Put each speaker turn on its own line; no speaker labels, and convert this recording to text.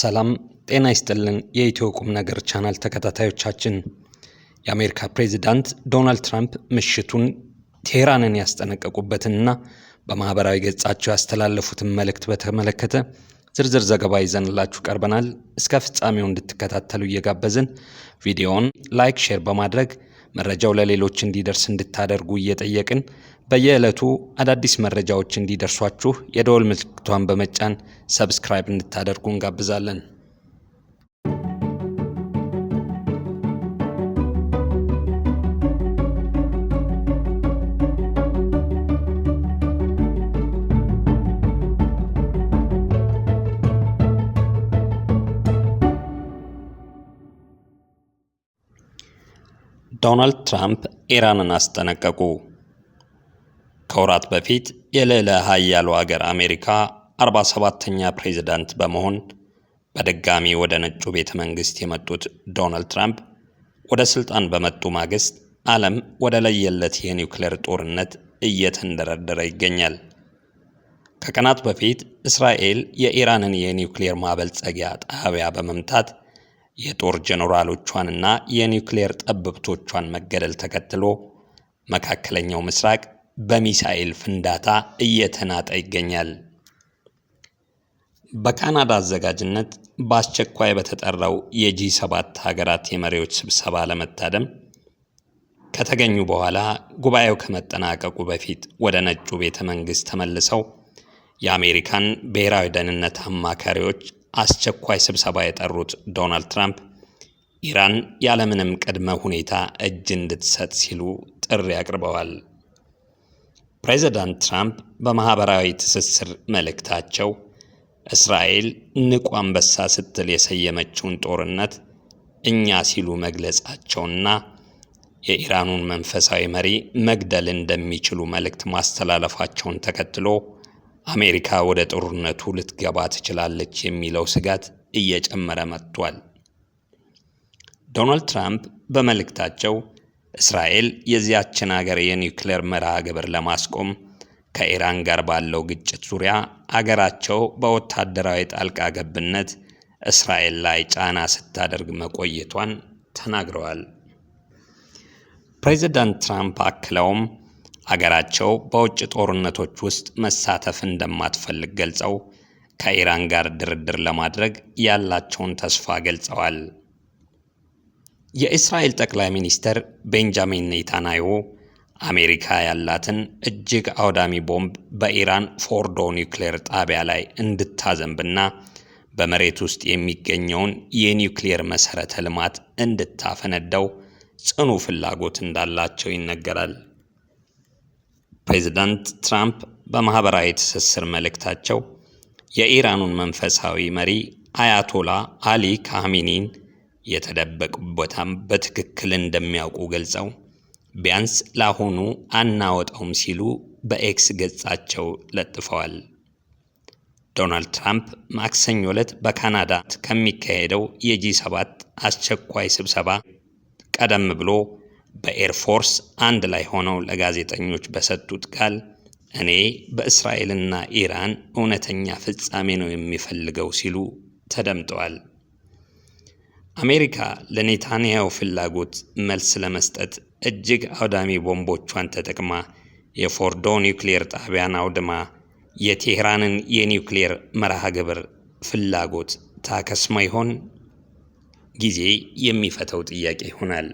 ሰላም ጤና ይስጥልን። የኢትዮ ቁም ነገር ቻናል ተከታታዮቻችን የአሜሪካ ፕሬዚዳንት ዶናልድ ትራምፕ ምሽቱን ቴህራንን ያስጠነቀቁበትንና በማህበራዊ ገጻቸው ያስተላለፉትን መልእክት በተመለከተ ዝርዝር ዘገባ ይዘንላችሁ ቀርበናል። እስከ ፍጻሜው እንድትከታተሉ እየጋበዝን ቪዲዮውን ላይክ፣ ሼር በማድረግ መረጃው ለሌሎች እንዲደርስ እንድታደርጉ እየጠየቅን በየዕለቱ አዳዲስ መረጃዎች እንዲደርሷችሁ የደወል ምልክቷን በመጫን ሰብስክራይብ እንድታደርጉ እንጋብዛለን።
ዶናልድ ትራምፕ ኢራንን አስጠነቀቁ። ከወራት በፊት የልዕለ ኃያሉ አገር አሜሪካ 47ተኛ ፕሬዝዳንት በመሆን በድጋሚ ወደ ነጩ ቤተ መንግስት የመጡት ዶናልድ ትራምፕ ወደ ስልጣን በመጡ ማግስት ዓለም ወደ ለየለት የኒውክሌር ጦርነት እየተንደረደረ ይገኛል። ከቀናት በፊት እስራኤል የኢራንን የኒውክሌር ማበልጸጊያ ጣቢያ በመምታት የጦር ጀኔራሎቿንና የኒውክሌር ጠበብቶቿን መገደል ተከትሎ መካከለኛው ምስራቅ በሚሳኤል ፍንዳታ እየተናጠ ይገኛል። በካናዳ አዘጋጅነት በአስቸኳይ በተጠራው የጂ ሰባት ሀገራት የመሪዎች ስብሰባ ለመታደም ከተገኙ በኋላ ጉባኤው ከመጠናቀቁ በፊት ወደ ነጩ ቤተ መንግሥት ተመልሰው የአሜሪካን ብሔራዊ ደህንነት አማካሪዎች አስቸኳይ ስብሰባ የጠሩት ዶናልድ ትራምፕ ኢራን ያለምንም ቅድመ ሁኔታ እጅ እንድትሰጥ ሲሉ ጥሪ አቅርበዋል። ፕሬዚዳንት ትራምፕ በማኅበራዊ ትስስር መልእክታቸው እስራኤል ንቁ አንበሳ ስትል የሰየመችውን ጦርነት እኛ ሲሉ መግለጻቸውና የኢራኑን መንፈሳዊ መሪ መግደል እንደሚችሉ መልእክት ማስተላለፋቸውን ተከትሎ አሜሪካ ወደ ጦርነቱ ልትገባ ትችላለች የሚለው ስጋት እየጨመረ መጥቷል። ዶናልድ ትራምፕ በመልእክታቸው እስራኤል የዚያችን አገር የኒውክሌር መርሃ ግብር ለማስቆም ከኢራን ጋር ባለው ግጭት ዙሪያ አገራቸው በወታደራዊ ጣልቃ ገብነት እስራኤል ላይ ጫና ስታደርግ መቆየቷን ተናግረዋል። ፕሬዚዳንት ትራምፕ አክለውም አገራቸው በውጭ ጦርነቶች ውስጥ መሳተፍ እንደማትፈልግ ገልጸው ከኢራን ጋር ድርድር ለማድረግ ያላቸውን ተስፋ ገልጸዋል። የእስራኤል ጠቅላይ ሚኒስትር ቤንጃሚን ኔታንያሁ አሜሪካ ያላትን እጅግ አውዳሚ ቦምብ በኢራን ፎርዶ ኒውክሌር ጣቢያ ላይ እንድታዘንብና በመሬት ውስጥ የሚገኘውን የኒውክሌር መሠረተ ልማት እንድታፈነደው ጽኑ ፍላጎት እንዳላቸው ይነገራል። ፕሬዚዳንት ትራምፕ በማኅበራዊ ትስስር መልእክታቸው የኢራኑን መንፈሳዊ መሪ አያቶላ አሊ ካሚኒን! የተደበቁ ቦታም በትክክል እንደሚያውቁ ገልጸው ቢያንስ ለአሁኑ አናወጣውም ሲሉ በኤክስ ገጻቸው ለጥፈዋል። ዶናልድ ትራምፕ ማክሰኞ ዕለት በካናዳ ከሚካሄደው የጂ 7 አስቸኳይ ስብሰባ ቀደም ብሎ በኤርፎርስ አንድ ላይ ሆነው ለጋዜጠኞች በሰጡት ቃል እኔ በእስራኤልና ኢራን እውነተኛ ፍጻሜ ነው የሚፈልገው ሲሉ ተደምጠዋል። አሜሪካ ለኔታንያሁ ፍላጎት መልስ ለመስጠት እጅግ አውዳሚ ቦምቦቿን ተጠቅማ የፎርዶ ኒውክሌር ጣቢያን አውድማ የቴህራንን የኒውክሌር መርሃ ግብር ፍላጎት ታከስማ ይሆን? ጊዜ የሚፈተው ጥያቄ ይሆናል።